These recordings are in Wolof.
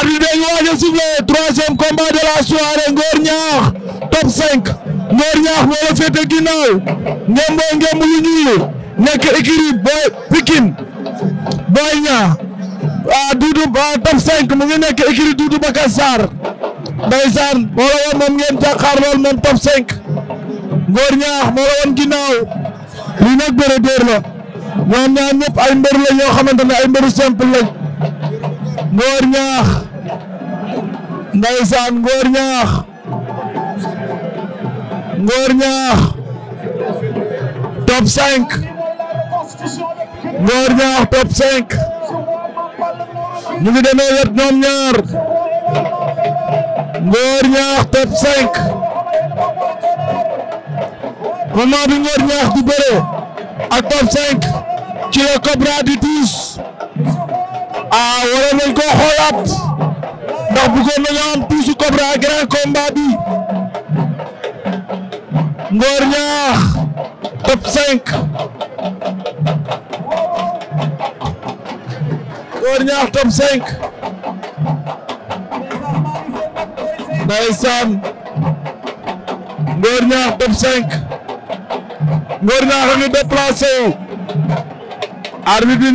arbitre bi ngi waaj a soufflé troisième combat de la soirée Ngor Niakh top 5 Ngor Niakh moo la féete ginnaaw ngembo ngemb yu ñuul nekk ah, ah, ngi nekk écurie Doudou Bakar Sarr ndeysaan moo la woon top 5 Ngor Niakh moo la woon ginnaaw li nag la ñoom ñaar ñoo xamante ne ay mbëru Ndeysaan Ngor Ñaax Ngor Ñaax top 5 Ngor Ñaax top 5 ñu ngi demee wet ñoom ñaar Ngor ak top 5 ci la Cobra di tuus ah wala ko xoolaat. ndax bëggoon nañoo am Touche Cobra grand combat bi Ngor Niakh top 5 Ngor Niakh top 5 ndeysaan Ngor Niakh top 5 Ngor Niakh a ngi déplacé wu arbitre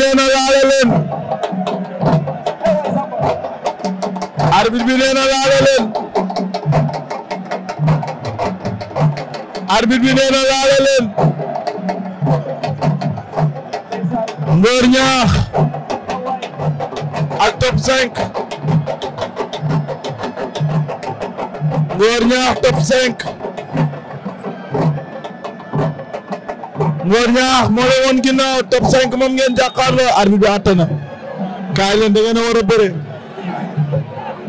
bi nee na laale leen arbitre bi nee na laale leen Ngor Ñaax ak Top 5 Ngor Ñaax Top 5 Ngor Ñaax moo la woon ginnaaw Top 5 moom ngeen jàkkaarloo arbitre bi àtte na kaay leen da ngeen a war a bëre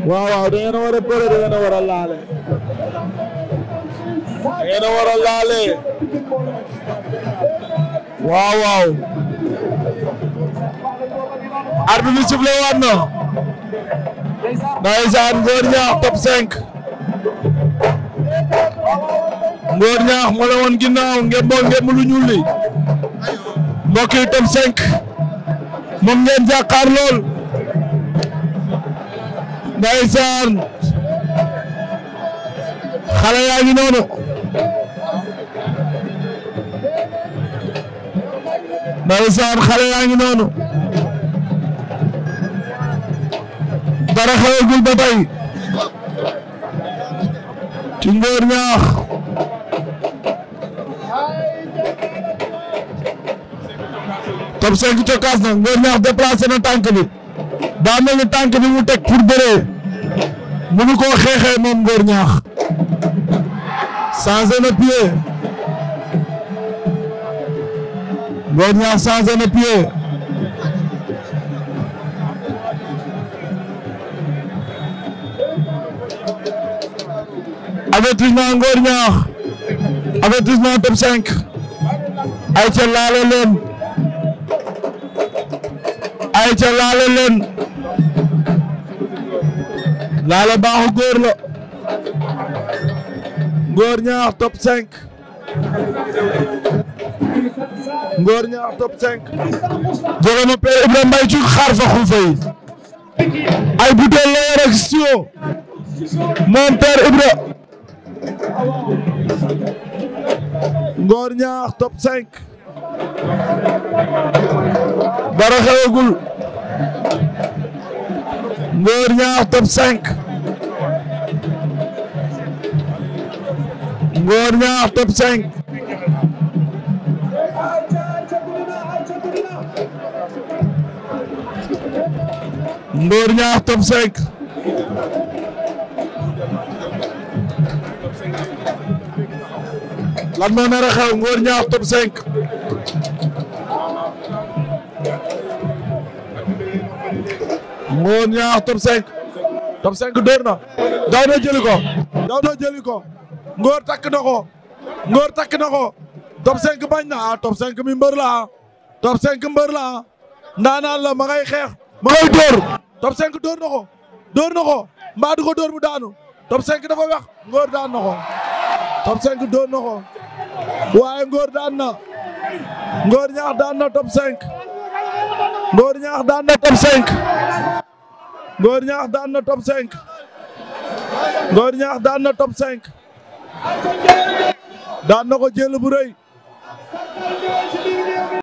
waaw waaw da ngeen a war a laale. da ngeen a war a laale. waaw waaw. arbitre bi sifflé waat na. ndeysaan Ngor Niakh top 5. Ngor Niakh moo la woon ginnaaw ngeen boog ngeen lu ñuul li mbokk yi top 5. moom ngeen lool. ndeysaan xale yaa ngi noonu ndeysaan xale yaa ngi noonu dara xewagul ba tey ci ngóor ñaax top 5 cokaas na ngóor ñaax déplacé na tànk bi daa mel ni tànk bi mu teg pour bëree mënu koo xeexee moom Ngor Ñaax changé na pied Ngor Ñaax changé na pied avertissement Ngor Ñaax avertissement top 5 ay ca laale leen ay ca laale leen laala baaxu góor la góor ñaax top 5 góor ñaax top 5 jóge na père Ibrahima Mbaye ci xaar fa xum fay ay butéel la yor ak studio moom père Ibra góor ñaax top 5 dara xewagul Ngor Niakh top 5 Ngor na top 5 Ngor Niakh top 5 lan moo nar a xew Ngor Niakh top Ngor Niakh top 5. top 5 dóor na. daaw na jëli ko. daaw takk na ko. Ngor takk na ko. top 5 bañ na ah top 5 mi mbër la ah. top 5 mbër la ah. ndaanaan la ma ngay xeex. ma ngay dóor. top 5 dóor ko. dóor ko mbaa du ko mu daanu. top 5 dafa wax Ngor daan na ko. top 5 dóor na ko. daan na. Ngor Niakh daan na top 5. Ngor Ñaax daan na top 5 Ngor Ñaax daan na top 5 daan na ko jël bu rëy